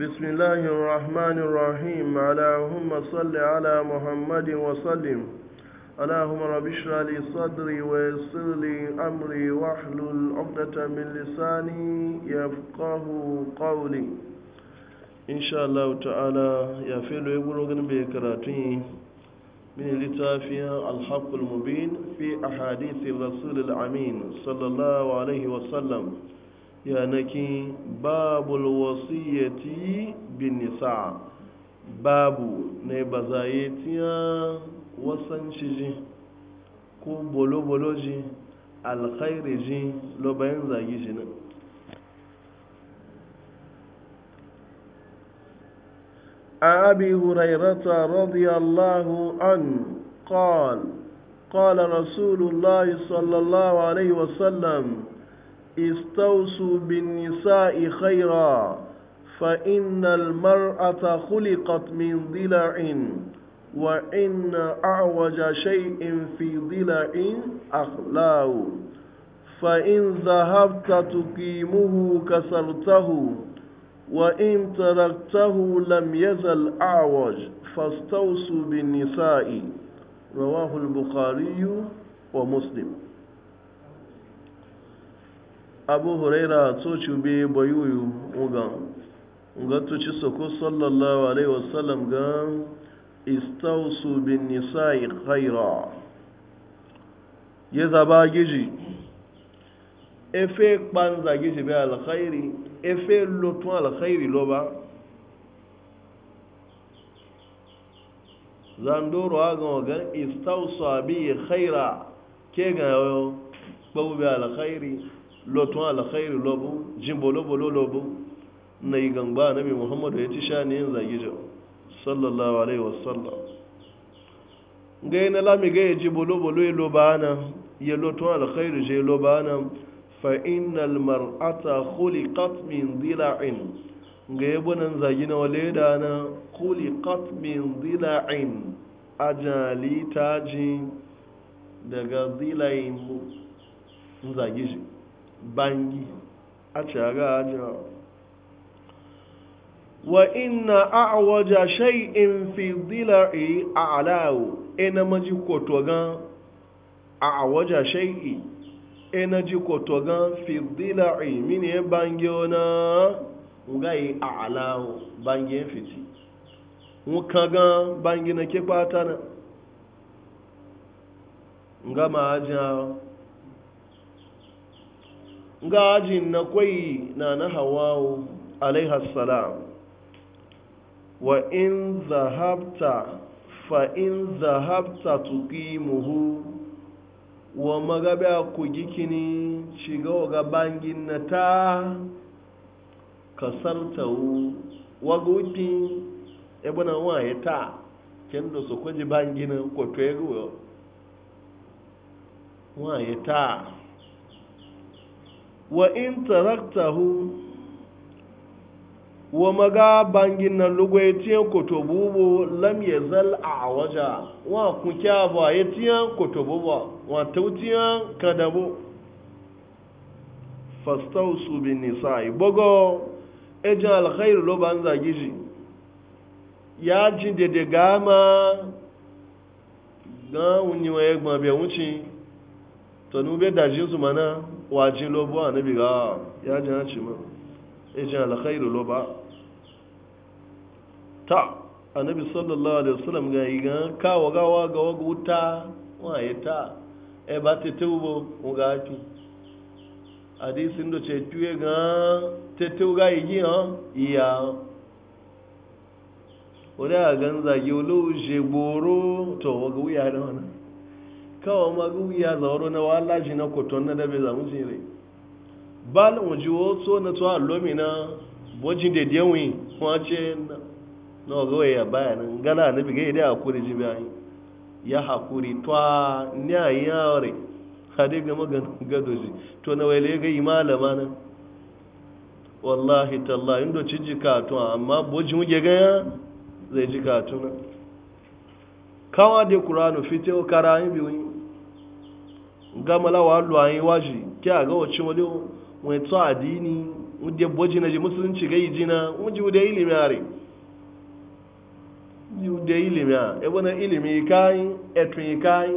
بسم الله الرحمن الرحيم اللهم صل على محمد وسلم اللهم رب اشرح لي صدري ويسر لي امري واحلل عقدة من لساني يفقه قولي ان شاء الله تعالى يا فيلو يقولوا بكراتين من لتافيا الحق المبين في احاديث الرسول الامين صلى الله عليه وسلم yanakin babul wasiyyati bin nisa babu ne ba za wasan ciji ko bolo ji alkhairi ji bayan zagi ji nan abi hurairata radiyallahu an qal qala rasulullahi sallallahu alaihi wasallam استوصوا بالنساء خيرا فإن المرأة خلقت من ضلع وإن أعوج شيء في ضلع أخلاه فإن ذهبت تقيمه كسرته وإن تركته لم يزل أعوج فاستوصوا بالنساء رواه البخاري ومسلم abu huraira tocin be bayuyu ugan gatoci soko sallallahu alaihi wasallam ga istausu bin nisa'i khaira ya zaba giji efe kpanza giji be alkhairi efe lotun alkhairi lo ba zandoro agan ga istausu bi khaira ke ga kpawu be alkhairi lotun alkhairu lobu jimbo lobo lobu na yi gangba annabi muhammadu ya ci sha yin zagi jau sallallahu alaihi wasallam gai na lami gai ya jimbo lobo lo ya loba ana ya lotun alkhairu je loba ana fa innal mar'ata khuliqat min dila'in ga yabo nan zagi na wale da na khuliqat min dila'in ajali taji daga dilayin zagi shi bangi a ce ga ajiyar wa ina a'awaja shay'in fi dilari a alawo ina maji kotogan a'awaja shay'i ina ji kotogan fi dilari mini ya e bangi ona ngayi a alawo bangi ya e fiti nkagan bangi na kekwa ta na ngama ajiyar gajin na kwai na na hawawu alaihassalam wa in zahabta fa in zahabta muhu wa magabe ku kini shiga ga bangin na ta kasartawu wa gutin ebuna wa ya ta kendo so kwaji bangin ko to ya wa ya ta wa in taraktahu wa maga bangin na lugwai tiyan kotobubu lam ya zal a waja wa kukya ba ya tiyan kotobubu wa tautiyan kadabu su bin nisa'i bugo ejin alkhairu lo ban zagi shi ya ji dede gama ga wunyi wa ya gbabe wuce tonu be dajin su mana wajin lobo a nabi ga ya ji hanci ma ejin alkhairu loba ta annabi sallallahu alaihi wasallam ga yi gan kawo gawa ga waga wuta waye ta e ba te tubo ga ki hadisin do ce tuye ga te tu ga yi ha iya ore a ganza yi olu je gboro to waga ya da wannan kawo magu ya zauro na wala shi na koton na dabe zamu shi rai bal mu ji woto na tuwa lomi na wajin da dewi ce na ya baya bayanin gana na bigai da hakuri ji bayan ya hakuri a yi yawari hade ga maganin gado ji to na waile ga imalama na wallahi tallahi inda ci jikatu amma bojin wuge gaya zai jikatu na kawa de kuranu fite o kara yin biwi gamala wa lu ayin waji ki aga o chi wole won to adini o de boji na je musulunci ga yijina o ji de ilimi are ji de ilimi a e bona ilimi kai etun kai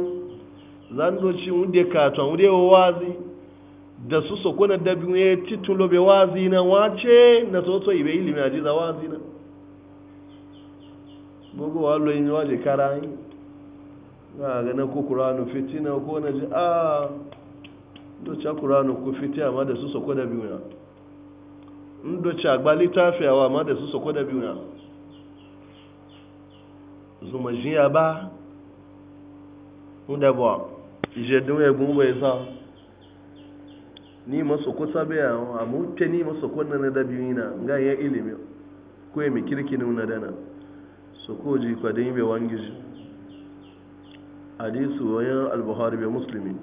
zando chi o de ka to o de wazi da su so kona da biwi e titulo be wazi na wace na so to ibe ilimi a ji za wazi na gbogbo wa lo yin waje kara yin ga ganin ko kuranu fitina ko na ji a ah, doce kuranu ku fiti amma da su sako da biyu na doce agba littafiyawa amma da su sako da biyu na zuma jiya ba e da ba ijedun egun bai sa ni masu kusa biya a mutu ni masu kwanan na dabiyu na ga ya ilimi ko ya mai kirki na dana su ko ji kwadin bai wangiji حديث ويا البخاري ومسلم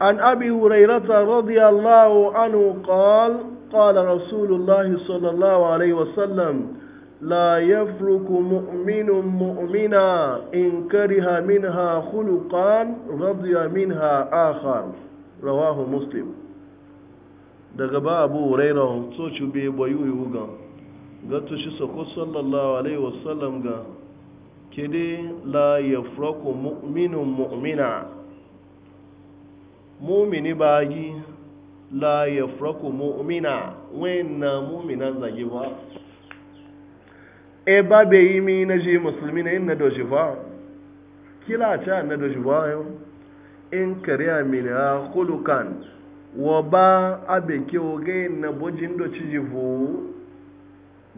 عن أبي هريرة رضي الله عنه قال قال رسول الله صلى الله عليه وسلم لا يفرق مؤمن مؤمنا إن كره منها خلقا رضي منها آخر رواه مسلم daga ba abu raira so ci be bayu yuga ga tushi sako sallallahu alaihi wasallam ga kede la yafraku mu'minun mu'mina mu'mini yi la yafraku mu'mina wenna mu'mina zagi ba e ba be yi mi na je musulmi na inna doji ba kila ta na doji ba yau in kariya min ha khulukan wa ba abe ke oge na bojin do ci jivu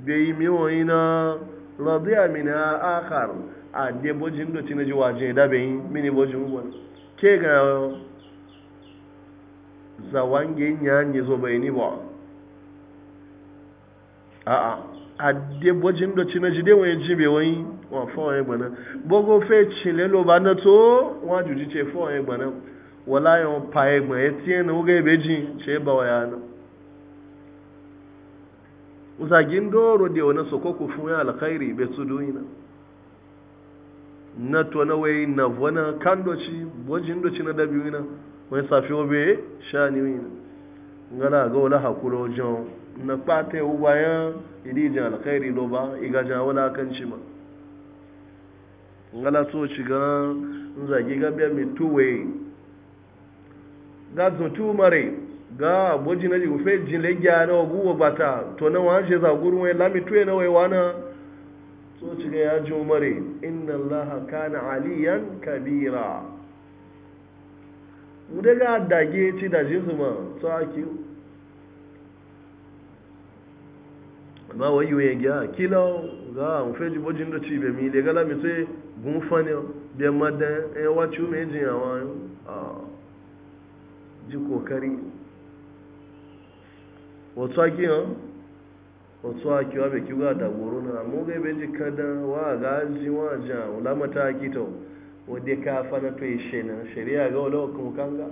be yi mi wo na radiya mina akhar a de bojin do tina ji waje da be mini bojin wani ke ga zawange nyanye zo bai ni ba a a a de bojin do tina ji de wani ji be wani wa fo wani gbana bogo fe chile lo ba na to wa juji che fo e gbana wala yon pa e gbana e tie na oge beji che ba wa ya na uzagin doro da wani fun ya alkhairi bai su duniya na na wai na wani kandoci wajen doci na dabi wina wani safi obe sha ni wina ngana ga wani hakuro wajen na kpata yau bayan idijin alkhairi lo ba igajen wala kan ci ma ngala so ci ga zagi ga biya mai tuwe ga zo tu mare ga boji na jigu fe jin legya na guwa bata to na wa je za gurun wai lami tuye na wai wana so ci ga ya ji umari inna allaha kana aliyan kabira mu daga dage ci da jinsu ma to aki amma wai yoye gya kila ga mu fe ji boji na ci be mi le ga lami tuye gun fani be madan e ya wa chu jin awon ji kokari otu aki ha otu aki wa beki da na mu ga kada wa ga ji wa ja wala mata aki to wode ka fa na to ishe na sharia ga wala kun kanga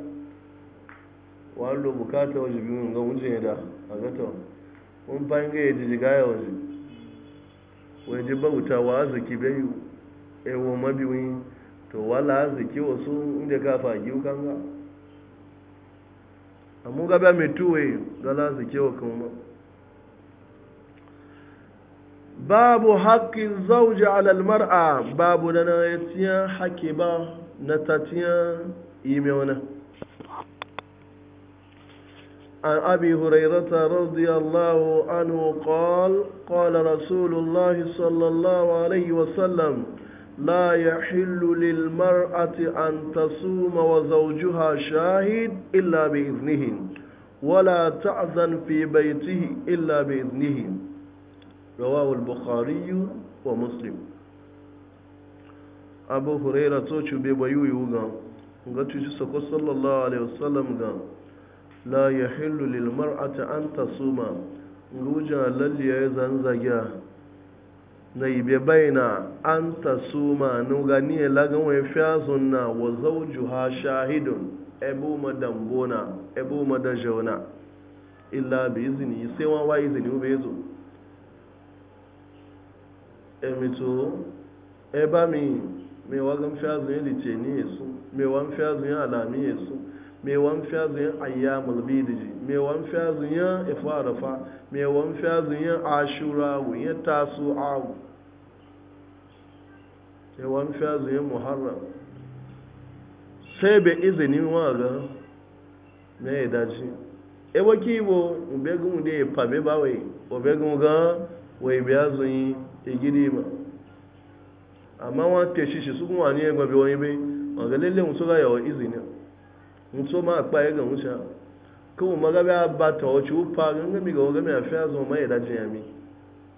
wallo bukata wajibi mun ga unje da a ga to mun bange ji ga ya waje wa azaki bayu ewo mabiwin to wala ka fa giu kanga amma ba mai tuwe gala su kewa kuma babu haƙƙin zauji alal mar'a babu da na yatsiyan haƙƙi ba na tatiyan ime wani an abi hurairata radiyallahu anhu qal qala rasulullahi sallallahu alaihi wasallam لا يحل للمرأة أن تصوم وزوجها شاهد إلا بإذنه ولا تعزن في بيته إلا بإذنه رواه البخاري ومسلم أبو هريرة توشو بيبايو يوغا غاتوشو سكو صلى الله عليه وسلم غا لا يحل للمرأة أن تصوم غوجا للي يزن زجاه na ibe baina an ta ma nuga ni e lagan wa fiya sunna wa zawjuha shahidun ebu madambona ebu madajona illa bi izini sai wa wa izini ube zo emito eba mi me wa gan fiya zun litini yesu me wa fiya zun alami yesu me wa fiya zun ayyamul bidiji mai wan fiyazun ya ifarafa mai wan fiyazun ashura wuyan tasu awu mai wan fiyazun muharram sai bai izinin wa ga mai daji ewa kibo obegun da ya fabe bawai obegun ga wai biya zunyi igidi ma amma wọn tẹ ṣiṣi sukun wà ní ẹgbọn bi? wọn yí bẹ ọgẹlẹlẹ ń sọ láyọ ìzìnà ń akpa máa pa ẹgbẹrún ṣáà kuma magabe ba ta wace ufa gangami ga wagami a fiya zo mai dajin yami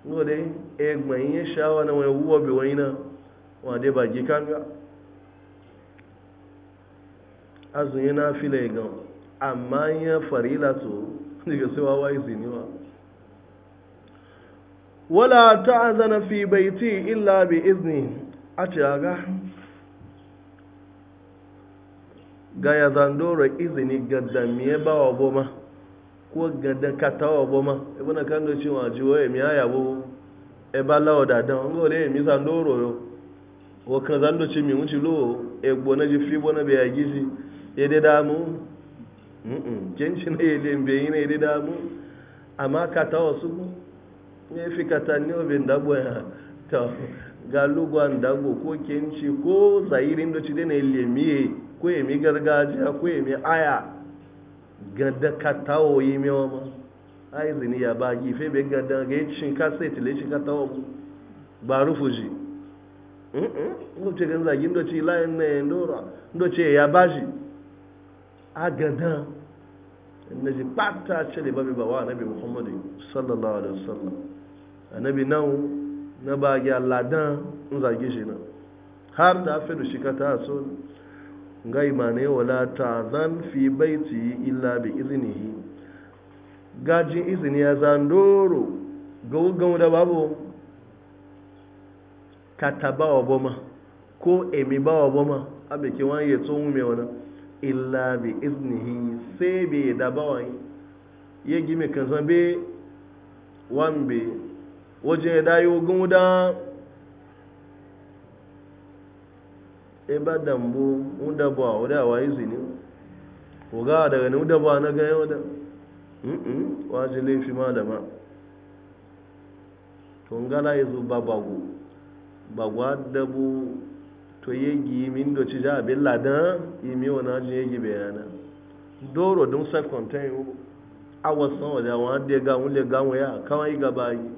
dole e gbayin ya shawa na wani wuwa bi wani na wade ba gi kanga azun yana fila ya gan amma ya farila to daga sewa wa izini ma wala ta'azana fi baiti illa bi izni a ce aga ga ya zandoro izini ga damiye ba wa ma, ko ga da kata wa boma ibi na kan doci wa ji waye miya yabo e ba lawa da dan ngo mi zandoro yo O kan zandoci mi wuci lo e gbona ji fi bona be ya gizi e de da mu mm na ye le mbe ina e de da mu amma kata wa su ne fi kata ni o be ndabo ya e to ga lugwa ndabo ko kenci ko zairin doci de na lemiye ko ya mi gargajiya ko ya mi aya ga da katawo yi mewa ma ai zini ya ba gife bai ga da ga yi ka sai tile shi katawo ba rufu shi ko ce zagi ndo ce layin na yandora ndo ce ya ba shi a ga da na ji pata ce da babi ba wa muhammadu sallallahu alaihi wasallam annabi nan na ba gi ladan zagi shi nan har ta fi da shi ka ta ne ngai mane wala ta'zan fi baiti illa bi iznihi gajin izini ya zandoro gaugan da babu kataba wa boma ko emi ba wa boma abe ke wani ya tsohon mai wani illa bi iznihi sai bi da ba wani ya gime kan san be wambe wajen ya dayo gudan e ba dambu muda ba wada wa ko uga daga ni muda ba na ga yau da mm waje laifi ma da ma. to ngala yazo babago bagwa dabu to yegi min do ci ja be ladan imi wana je yegi bayana doro dun sa contain awasan wada wa de ga un le ga wa ya kawai ga bayi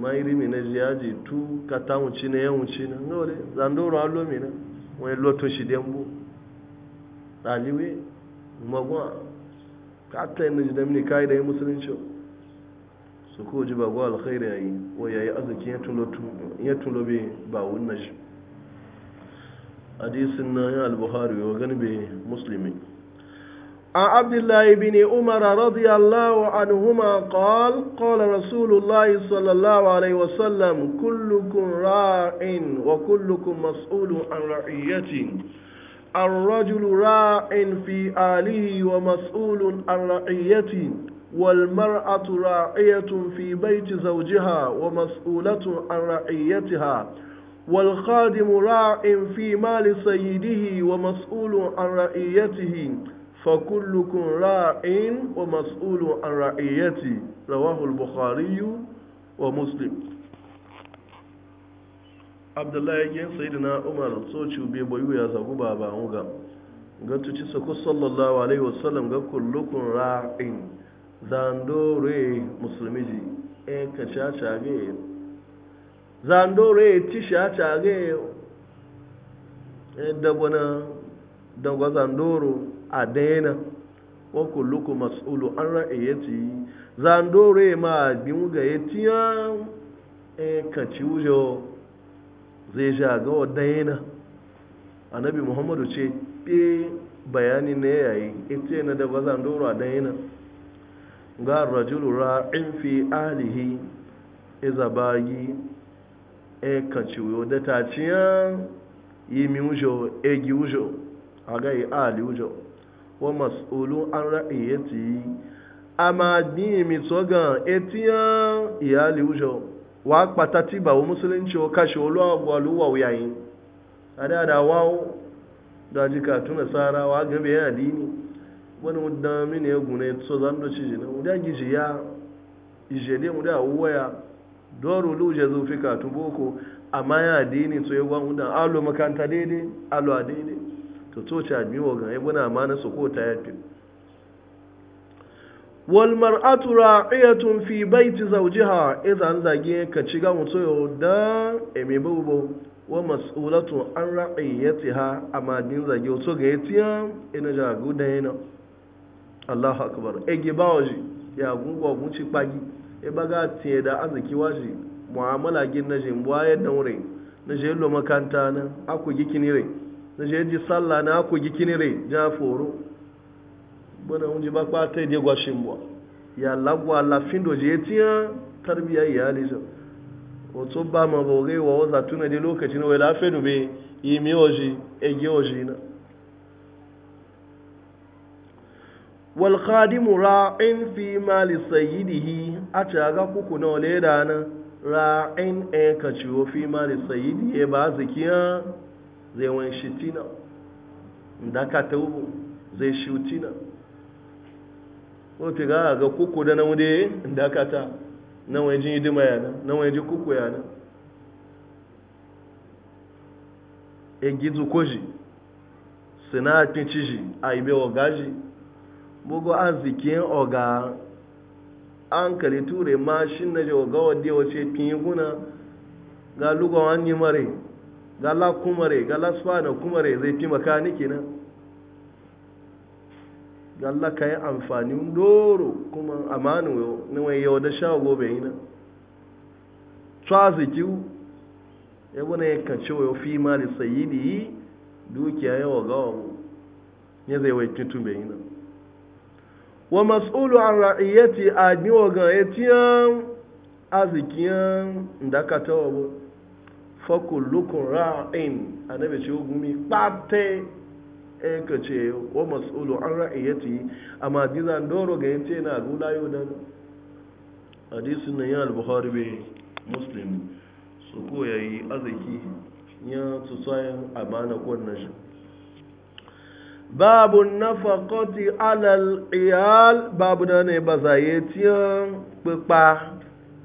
mairi mi na jiyaji tu kata wuce na yan wuce na ngole zandoro allo mi na wani lotun shi den bu daliwe magwa ka ta ji da mini da yi musulunci su ko ji bagwa alkhairi yayi ko yayi azuki ya tulo ya tulo lobe ba wunna shi hadisin na ya al-bukhari wa ganbe musulmi. عن عبد الله بن عمر رضي الله عنهما قال قال رسول الله صلى الله عليه وسلم كلكم راع وكلكم مسؤول عن رعيته الرجل راع في آله ومسؤول عن رعيته والمرأة راعية في بيت زوجها ومسؤولة عن رعيتها والخادم راع في مال سيده ومسؤول عن رعيته Fa kullukun ra'ayin wa mas'ulu an ra'ayeyyati Rawaal Bukarayu wa muslim Abdullahi ike sayidina Umar so sochube banyuhu ya zagu baa ba wu ga. Ngantú ci sa, ku sallallahu alaihi wa sallam, nga kullukun ra'ayin, zandooro e musulmiji! E ka chaa chaa gị ti Zandooro e tisha chaa gị e! E dabọ na, a daina wa kullukum mas'ulu an ra'ayati zandore ma bin ga yatiya e kan ci wujo zai ja ga wa daina Anabi muhammadu ce pe bayani ne yayi ita na da bazan doro a daina ga rajulu ra'in fi ahlihi iza bagi e kan ci wujo da taciya yi mi wujo e wujo a gai yi ali wujo wa mas'ulu an ra'iyati amma bi mi tsoga etiya iyali ujo wa patati ba wa musulunci wa kashi wa luwa luwa ada da wawo da jika tuna sara wa gabe yana dini wani wadda mini ya gune so zan do ci jina wadda gishi ya ijele mu da waya doru luje zo fika tun boko amma ya dini so ya gwan wadda alo makanta daidai alo a daidai to coci a biyu ga ibu na amana su ko ta yafi wal mar'atu ra'iyatun fi baiti zawjiha idan zage ka ci ga mutu da emi bubu wa mas'ulatu an ra'iyatiha amma din zage to ga yatiya ina ja guda yana Allahu akbar ege bawaji ya gungwa mun ci pagi e baga tiye da arziki waji mu'amala gin na jin bwa yadda wurin na je lo makanta na aku gikinire na je ji sallah na ku gi kinire ja foro bana unji ba kwa ta je gwa shimbwa ya lagwa la findo je tiya tarbiya ya lizo wato ba ma bogai wa tuna de lokacin wai lafe be yi mi oji ege oji na wal khadimu ra'in fi mali sayyidihi a ta ga kuku na wale da na ra'in e ka ciwo fi mali sayyidihi ba zikiya zai wani shi da ka ta ubu zai shiutina wata ga aga kuku da na wude da ta na wani jin ma yana na wani jin kuku yana e gizu koji sinatin ciji a ibe ogaji bugu arzikin oga an kare ture ma shi na ji oga wadda wace fin yi guna ga lugon an yi mare gala kumare gala swana kumare zai fi makaniki na gala ka yi amfani doro kuma amanu na yau da sha gobe yi na tsazi ya wani ya kanci wa fi mali sayidi yi dukiya yawa gawa mu ya zai wai tutu bai yi na wa matsulu an ra'iyyati a ni wa ya yatiyan azikiyan da ka tawa fakullukun ra'in a na bece gumi ɓate e ka ce wa mas'ulu an ra'iyyati amma dizan doro ga yace na gula yau dan hadisin nan ya al-bukhari be muslim su ko yayi azaki ya tsayin amana shi babu nafaqati alal al-iyal babu da ne bazaye tiyan pipa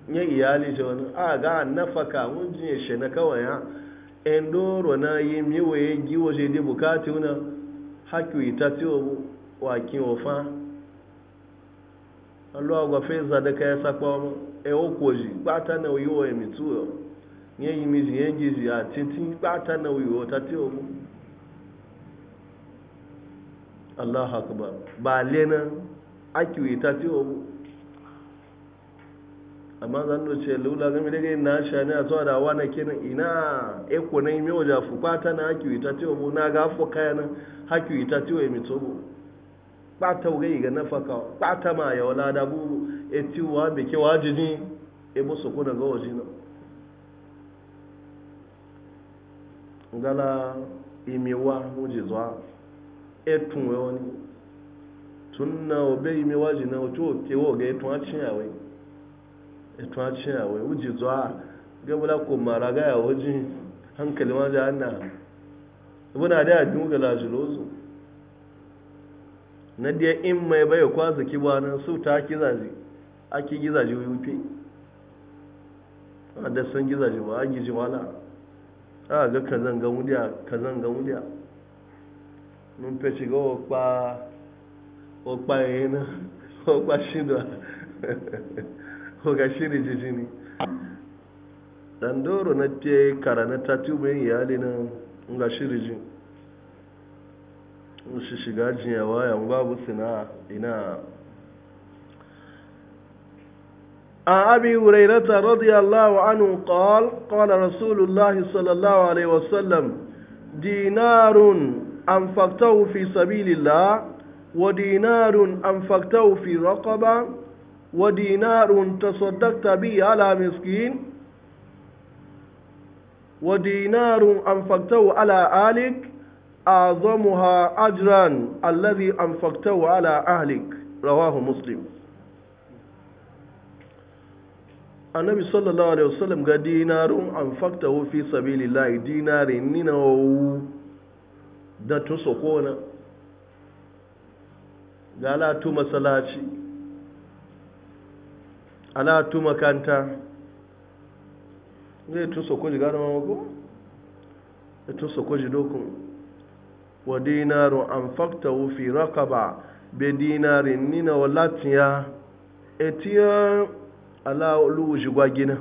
nye iyali ta wani a ga nafaka mun ji shi na kawai ha en doro na yi mi waye gi waje de bukati una hakku ita ti o wa kin o fa Allah ga fe za da kai sa kwa e o koji bata na o yo e mi tu yo nye yi mi ji en ji ya tintin bata na o yo ta ti o Allah akbar ba lena hakku ita ti o amma zan do lula game da na sha ne a zuwa da wa na ina e na imi waja fu na haki ita ce bu na ga fo kaya na haki ita ce mi to bu pata na faka pata ma ya wala da bu eti ti wa be ke wajini e na ga wajina ngala e ito a ce wai wuji zuwa gabula ko mara gaya waje hankali ma ji hannu na da yadda ga lajilozu na daya in mai bai kwaza kiba nan su ta gizaji ake gizaji yufi a da san gizaji ba a giji wala a ga kazan ga mudiya kazan ga mudiya mun fe shiga okpa okpa yana okpa shidwa ko ga shi ne dan doro na te karana ta tubu yin iyali nan in ga shi riji shi shiga waya in babu sina ina عن أبي هريرة رضي الله عنه قال قال رسول الله صلى الله عليه وسلم دينار أنفقته في ودينار تصدقت به على مسكين ودينار أنفقته على آلك أعظمها أجرا الذي أنفقته على أهلك رواه مسلم annabi sallallahu alaihi wasallam ga dinarun an faktahu fi sabilillahi dinarin ninawu da tusokona ga la ala tu makanta zai tun sokoji gano mamago da tun sokoji dokun wa dinarun an fakta wufi ba. be dinarin nina wa latiya etiyan ala luwuji gwagina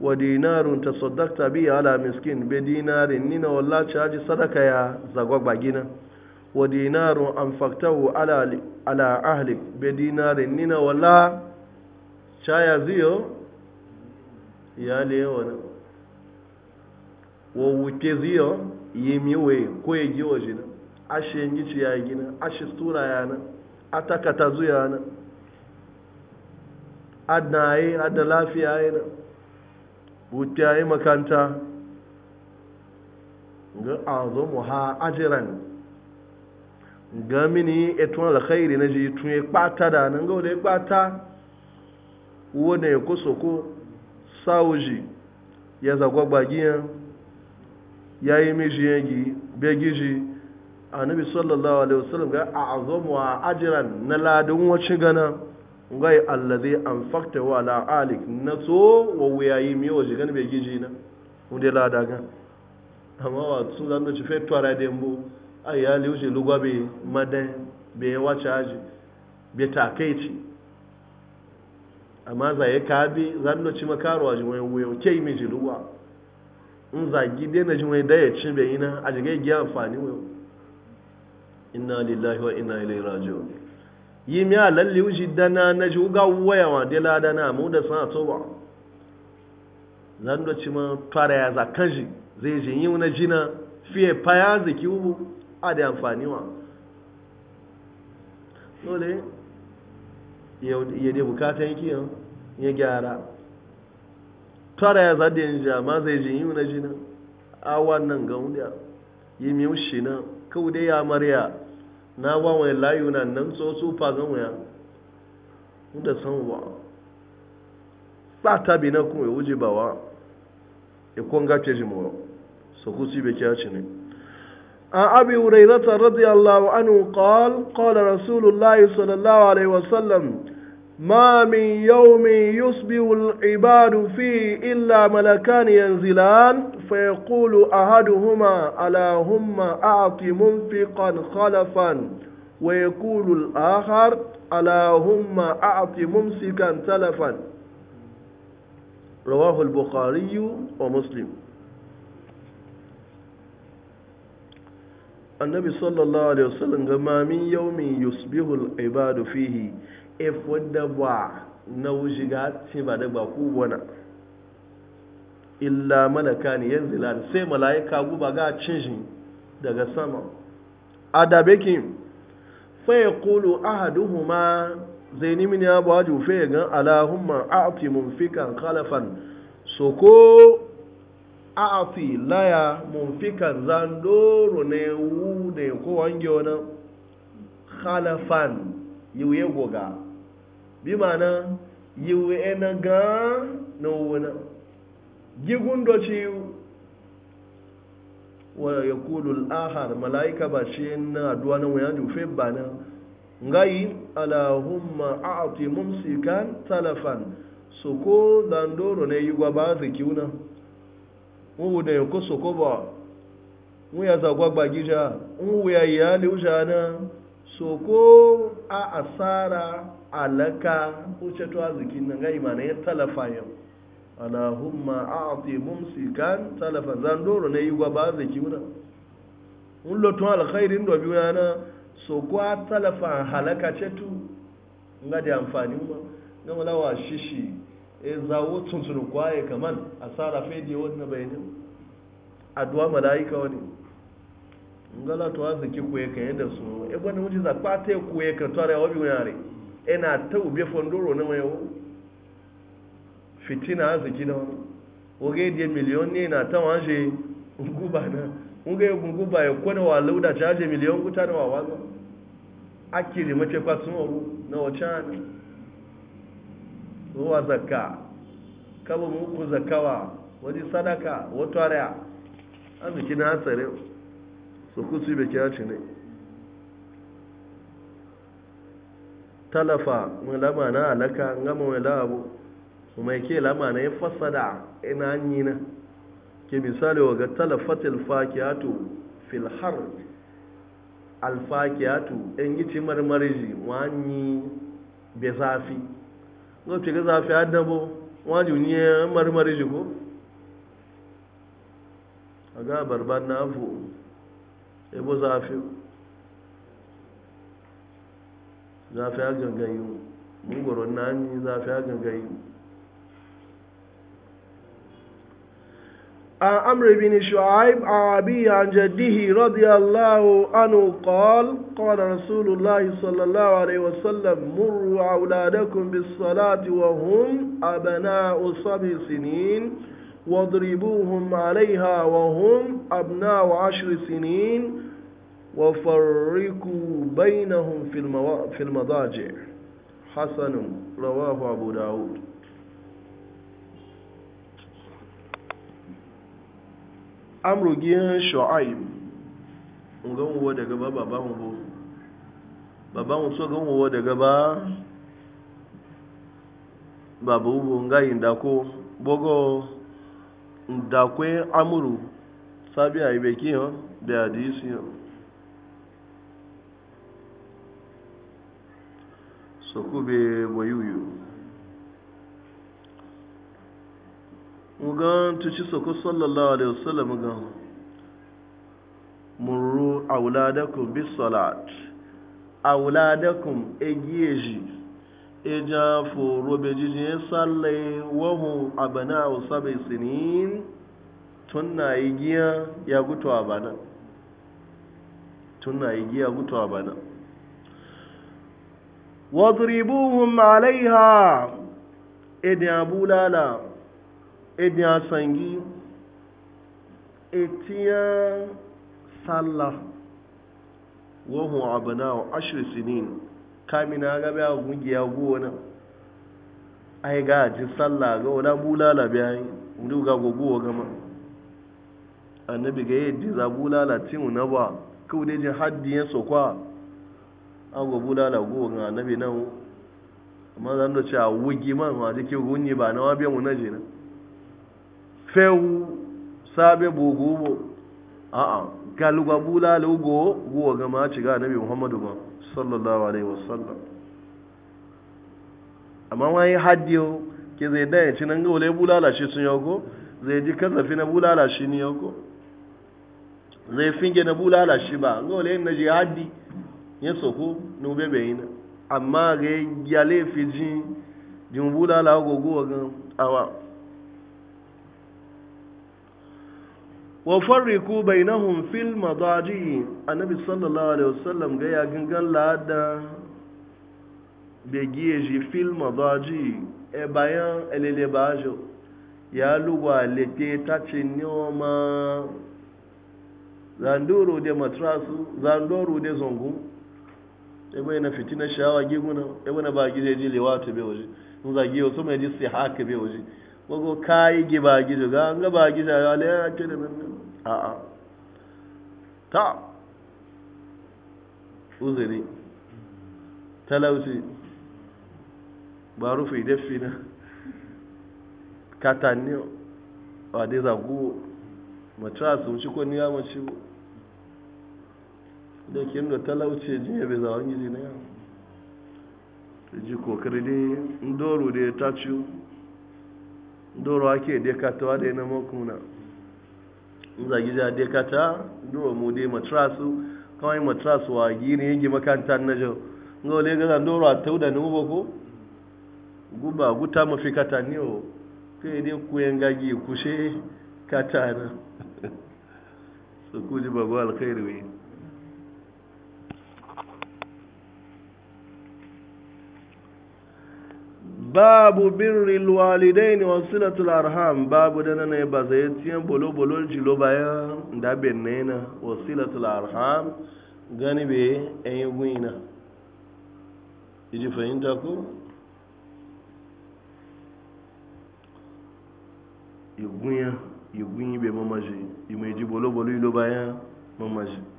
wa dinarun ta sadakta biya ala miskin be dinarin nina wa latiya ji sadaka ya zagwagba gina wa dinarun an faktahu ala ahli. be dinarin nina wa la chaya ziyo yale wani wo wuke ziyo yimiwe ko ya giwo jina ashe ngici ya gina ashe sura yana atakata zuya yana adna yi adda lafiya yana wuke yi makanta ga azumu ha ajiran ga mini etun khairi na ji tun ya kpata da nan ga wani kpata wona ya kosoko sauji ya zagwa gbagiya ya yi mishi begiji annabi sallallahu alaihi wasallam ga a'zamu wa ajran na ladin wacin gana ngai allazi anfaqta wa ala alik naso wa wayayi mi jigan gani begiji na unde lada ga amma wa tun zan da ci fe twara dembo ai ya liuje lugwa be madan be wacaji be amma za ya kabi za nuna ci makaruwa ji wani wuyo ke yi miji ruwa in zagi dai na ji wani daya ci bai ina a jigai giya amfani wuyo ina lillahi wa ina ilai rajo yi miya a lalli wuji dana na ji uga waya wa dila dana na mu da sana toba za nuna ci ma fara ya za kan ji zai ji yi wani jina fiye faya ziki ubu a da amfani wa dole ya dai bukatan yau ya gyara tara ya zaɗe yin ja ma zai jin yi na jina a wannan ga yi miyu shi na kawai dai ya marya na wawai layu na nan so su fa gan waya da san wa tsata bi na kuma ya wuce ba wa ya kwanga ce ji moro su kusi bai kya ci ne an abi هريرة radiyallahu الله عنه قال قال رسول sallallahu alaihi الله ما من يوم يصبح العباد فيه إلا ملكان ينزلان فيقول أحدهما اللهم أعط منفقا خلفا ويقول الآخر اللهم أعط ممسكا تلفا رواه البخاري ومسلم النبي صلى الله عليه وسلم ما من يوم يصبح العباد فيه if wadda ba na wujiga ce ba da ba ku wana illa malaka ne yanzu lan sai malaika guba ga cinjin daga sama adabekin fa kulu ahaduhuma zaini min ya ba ju faye gan allahumma a'ti munfikan khalafan soko fi laya zan zandoro ne wu da ko wange wani khalafan yuye goga bi na, yiwu na gan na wuna gigun da ci wa ya kulu al'ahar mala'ika ba ce na aduwa na wuyan jufe ba na ngayi alahumma a'ati mumsikan talafan Soko ko dandoro ne yi gwaba ziki wuna wuwu da yanko so ko ba mu ya zagwa gbagija wuwu ya yi hali wuce na a asara alaka kuce to arzikin nan ga imana ya talafa yau Allahumma a'ti kan talafa zan doro na yi gwaba ba wuna muna mun lotun alkhairin biyu na so kwa talafa halaka cetu nga da amfani ma ga malawa shishi e zawo tuntun kwaye kaman asara fede wannan bayanin addu'a malaika wani ngala to aziki kuye kan yadda su e gwanin mujiza kwate kuye kan tare wabi wani ina ta ube fondoro na mai fitina arziki na wani oge da miliyon ne na ta waje guba na oge ya guba ya kwana wa lauda ta aje miliyon guta na wawa ga a kiri mace kwasu oru na wace ne ruwa zakka kaba muku zakawa wani sadaka wato ariya a arziki na hatsari su kusu ibe kira ne talafa mun lama na alaka gama mai labu mai ke lama na ya fasada ina yi na ke misali waga talafatil fakiyatu fil har alfakiyatu yan gici marmariji wani bai zafi gwamnati ga zafi adabo wani ne marmariji ko a ga ban na afu ebo zafi zafi a gangayu mungoro nani zafi a gangayu عن عمرو بن شعيب عبي عن جده رضي الله عنه قال قال رسول الله صلى الله عليه وسلم مروا أولادكم بالصلاة وهم أبناء سبع سنين واضربوهم عليها وهم أبناء عشر سنين وفرقوا بينهم في, الموا... في المضاجع حسن رواه أبو داود wa daga baban mu baban so daga ba babu bu ngai ndako bogo ndakwe amuru sabi aibe kiyo da su kube bayuyu ugan tuci soko sallallahu alaihi wasallam gan muru auladakum bis salat auladakum egiyeji eja foro bejijin sallai wahun abana a sabai sinin tun na igiya ya gutu abana tun na igiya gutu abana wadribuhum alaiha edin abulala edin asangi etiyan sallah wahun abana ashir sinin kamina gabe a gungiya gona ai ga ji sallah ga wala bulala bayan ndu ga gogo gama annabi ga yadda za bulala tinu na ba kawai dai jin haddi ya sokwa agwa bulala go ga annabi nan amma zan da cewa wugi man ma dake gunni ba na wabe mu naje na fewu sabe bugubo a a galuga bula lugo go ga ma ci ga annabi muhammadu ba sallallahu alaihi wasallam amma wani hadiyo ke zai ya ci nan ga wale bulala shi sun yago zai ji kazafi na bulala shi ne yago zai finge na bulala shi ba ga wale na jihadi yẹn sọ̀kú ní o bẹ̀bẹ̀ yìí náà àmọ́ rẹ̀ yalé fi jìn jìnbú lálá ogogo ọ̀gán àwa. wafarriku bainahum fil madaji annabi sallallahu alaihi wasallam ga gangan lada fil e bayan elele bajo ya lugwa lete tace nyoma de matrasu de ebe na fitina shawa giguna ebe na ba gije ji lewa ta be waje in za giyo so mai ji sai haka be waje wago kai gi ba gije ga an ga ba gije ya le ya ce da nan a a ta uzuri talauci ba rufe dafi na katanni wa dai zagu mace a sun ci ko ni ya mace da kin da talauce jiya bai zawon gizi na yau ta ji kokari dai doro da ya taci doro ake dekatawa da yana makuna zagi ja dekata doro mu dai matrasu kawai matrasu wa gini yanki makanta na jau ga wale gaza doro a tauda ni uba ko guba guta mafi kata ne o kai dai kuyan gagi kushe kata na su kuji babu alkhairu babu birril walidaini wa silatul arham babu da nana ba zai tiyan bolo bolo jilo baya da bennena wa silatul arham gani be en gwina iji fahimta ko igunya igunya be mamaji imeji bolo bolo ilo mamaji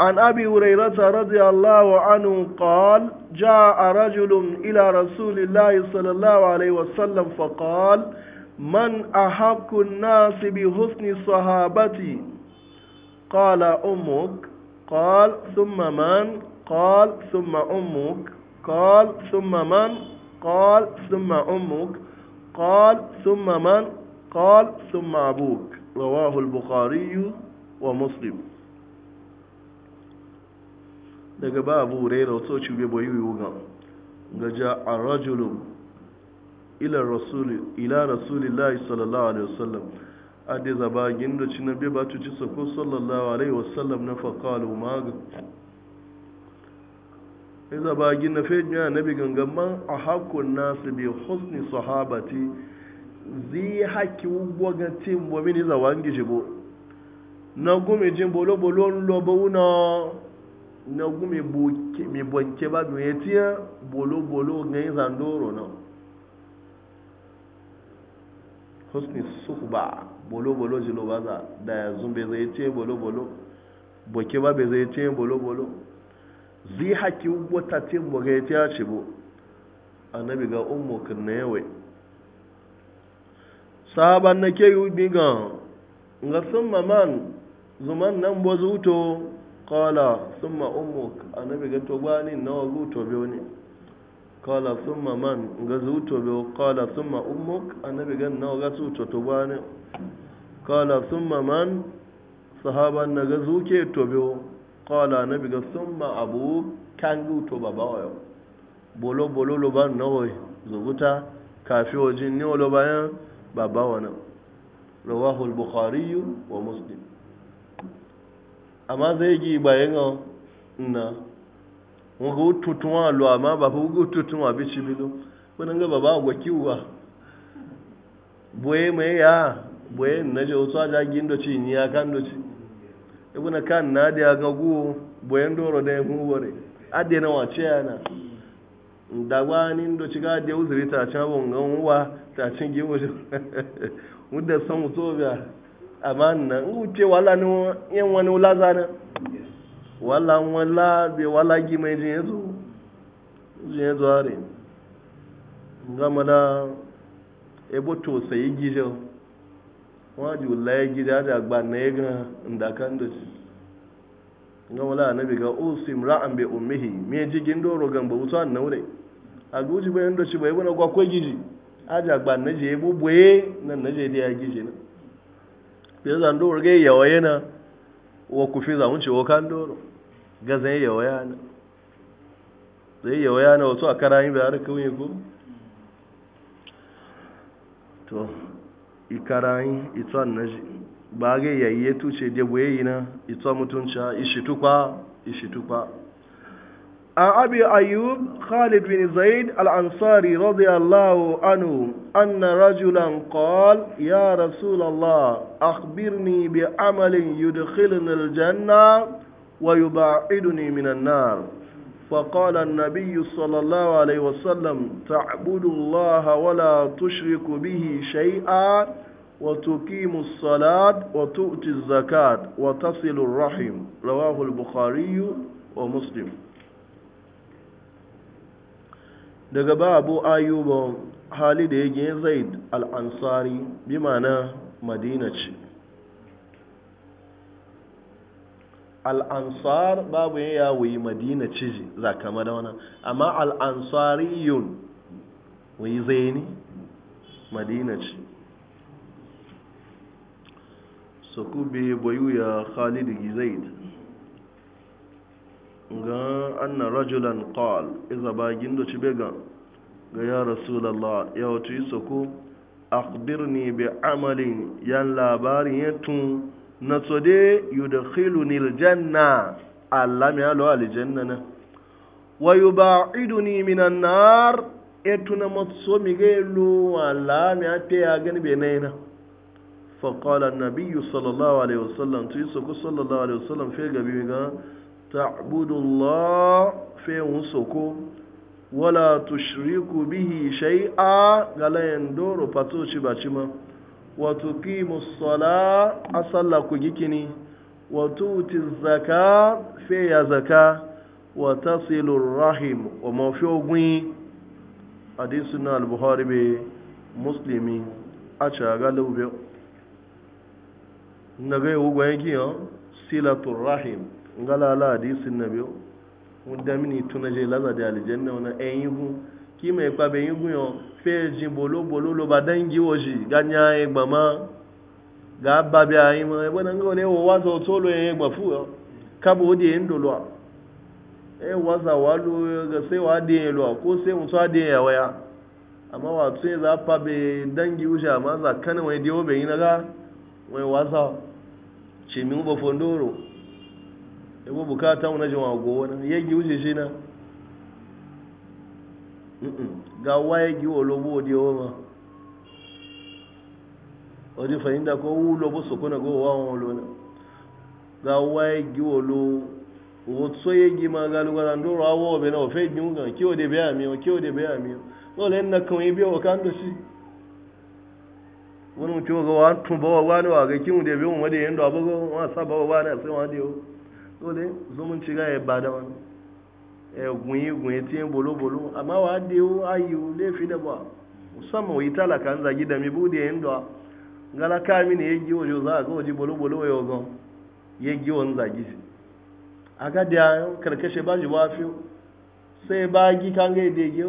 عن أبي هريرة رضي الله عنه قال جاء رجل إلى رسول الله صلى الله عليه وسلم فقال من أحق الناس بحسن صحابتي قال أمك قال ثم من قال ثم أمك قال ثم من قال ثم أمك قال ثم من قال ثم أبوك رواه البخاري ومسلم daga ba abu huraira wato ci bai bai wuga ga a arrajulu ila rasul ila rasulillahi sallallahu alaihi wasallam ade zaba gindo ci na bai batu ci sako sallallahu alaihi wasallam na fakalu maga ya zaba gina fe jiya nabi gangamman a hakun nasu bai husni sahabati Zai haki ugbo ga tim bo mini jibo na gumi jin bolo bolo lobo una na gu me bonke ba me ya tiya bolo-bolo ga yi zandoro na husni suku ba bolo-bolo jilo ba za da yanzu bai zai tiya bolo-bolo boke ba bai zai tiya bolo-bolo zai haki wata tiya ga ya tiya ce bo annabi ga ummu kanna yawai sahaban na ke yi bigan ga sun maman zuman nan bo zuto kala sun ma ma'ummuk annabi ga tobani na wagu tobe ne kala sun ma man ga zu tobe kala sun ma'ummuk annabi ga nawa waga su to tobani kala sun ma man sahaban na ga zu ke tobe kala annabi ga sun ma abu kan gu to baba wayo bolo bolo lo ban na wai zuguta kafi wajin ne lo bayan baba wannan rawahu al-bukhari wa muslim amma zai gi bayan ga na wuga ututun wa lo amma ba wuga ututun wa bi cibido kunan ga baba gwa kiwa boye mai ya boye na je wasu aja gindo ci ni ya kan doci ibuna e kan na dia ga gu boyen doro da hu wore ade na wace yana da gwanin doci ga da uzuri ta cha bon wa ta cin giwo da san so biya amma na wuce wala ni yan wani wula zana wala wala bai wala gi mai jin yazo jin yazo are gama da ebo to sai gijo waji wala ya e gida da gba na ya e ga inda kan da shi ga wala annabi ga usim ra'an bi ummihi me e jigin doro gamba wuto an naure a guji bayan da shi bai wani gwakwai giji aja gba na je ebo boye nan na je da ya giji na bai zan do gai yawaye na wa kufi zamun ce wa kan doro ga zai yawaya na zai yawaya na wato a karayi bai har kawai ko to ikarayi itsan naji ba ga yayye tuce da boye na itsan mutunca ishi tukwa ishi tukwa عن أبي أيوب خالد بن زيد الأنصاري رضي الله عنه أن رجلا قال يا رسول الله أخبرني بعمل يدخلني الجنة ويبعدني من النار فقال النبي صلى الله عليه وسلم تعبد الله ولا تشرك به شيئا وتقيم الصلاة وتؤتي الزكاة وتصل الرحم رواه البخاري ومسلم daga ba abu ayuba hali da ya gina zaid al'ansari bi mana madina ce al'ansar babu yin yawuyi madina ce ji za kama da wani amma al'ansari yun wai zaini madina ce su kube bayu ya khalid zaid ga anna rajulan qal iza bagin do cibega ga ya rasulullah ya wato yi soko akhbirni bi amalin yan labarin yatun na tsode yudkhiluni aljanna Allah mi alo aljanna na wa yubaiduni minan nar etuna matso mi ga lu Allah mi ate ya gani be naina فقال النبي صلى الله عليه وسلم تيسكو صلى الله عليه وسلم في ga. ta'budullah fe soko wala tushriku bihi shay'a gala doro pato ci baci ma wa tuqimu as-sala asalla ku gikini wa tuti zaka fe ya zaka wa tasilu rahim wa mafi ogun hadisi na al-bukhari be muslimi a ci galibu be na ga yi ugwayen giyan silatul rahim ngala la hadisin na biyo wanda mini tuna je laza da aljanna wana en yibu ki mai pa be yibu yo fe jin bolo bolo lo badangi woji ganya e gbama ga ba bi ayi mo e bona ngole wo wazo tolo e gba fu yo kabo odi en dolo e waza walu ga sai wa de lo ko sai mu sa de ya waya amma wa tun za pa be dangi wuce amma za kana wani diyo be yi na ga wani wasa ce min ba fondoro ebo bukata na jima go wani yegi wuce shi na ga wa yegi wo lobo odi wo ma odi fahimta ko wu lobo soko na go wa won lo na ga wa yegi wo olo, wo tso yegi ma ga lu ga ndo ra wo be na o fe jun ga ki o de be ami o ki o de be ami o le na kan ibi o kan do shi wani mutum ga wa tun ba wa wani wa ga kin de be mu da yendo abugo wa sa ba wa na sai wa de dole zumunci ga ya e ba da wani e gunyi gunyi tiyan bolo bolo amma wa da yiwu o laifi da ba musamman wai talaka an zagi da mi bude yin da gala kami ne ya gi za a ga waje bolo bolo ya wagon yegi o wani shi a ga da karkashe ba shi ba fi ba gi kan ga gi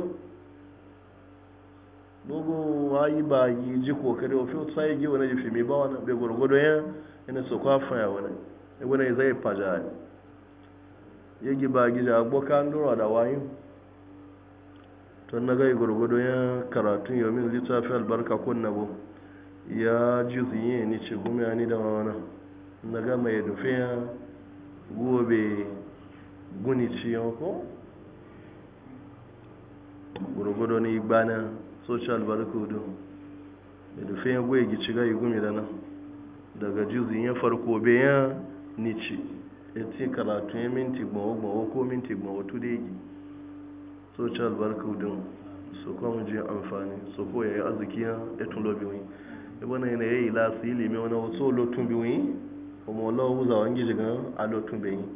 wa yi ba ji kokari wa fi sai gi wani jifi mai ba wani bai ya yagi ba gida abokan dora da wayin tun na gai gurgudu ya karatun yomin littafi albarka kunna na bu ya ji zuye ni ce gumi ni da mawana na ga mai dufe ya gobe guni ci yanko gurgudu ni gbana social barkudu da dufe ya goye gici gai gumi da nan daga jizin ya farko bayan ni ci ya ce karatu ya minti gbawo-gbawo ko minti gbawo tu da yi social barka din su kwamu je amfani su ko ya yi arziki ya tun lobi wani ya na yana ya yi lasu ilimi wani wasu lotun bi wani kuma wala wuza wangi jiga a lotun bi wani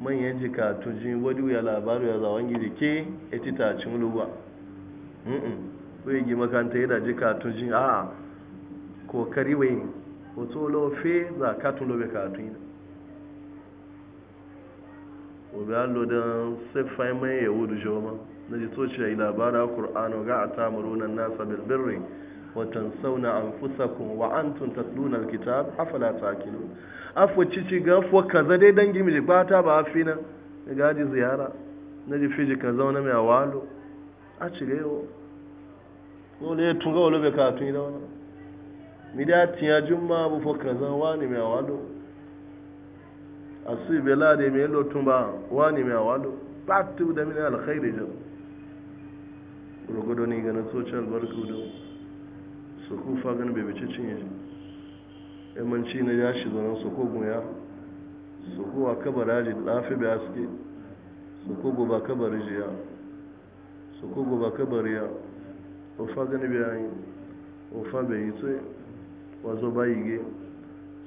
manyan ji karatu ji wadi ya labaru ya zawon gidi ke ya ci tacin luwa wai gi makanta ya daji karatu ji a kokari wai wasu lofe za ka tun lobe karatu obi allo don siffai mai yahudu joma na ji toci a yi labara kur'anu ga a tamurunan nasa birbirin watan sauna an fusa kun wa an ta tatluna kita afala ta kilo afo cici ga fo kaza dai dangi mi ba ta ba fi na gaji ziyara na ji fiji ka zauna mai awalo a cire yawo ko le tunga wani be ka yi da wani mi da tiya jumma bu fo kaza wani mai awalo asu bela de me lo tumba wani me awalo patu da min al khairi jo rogodo ni gana social barku do so ku fa gana bebe cin ya e man ci na ya shi zonan so ko guya so ku a kabaraji lafi be aske so ku go ba kabaraji ya so ku go ba kabari ya o fa gana be ayi o fa be yi tsoye wazo bayi ge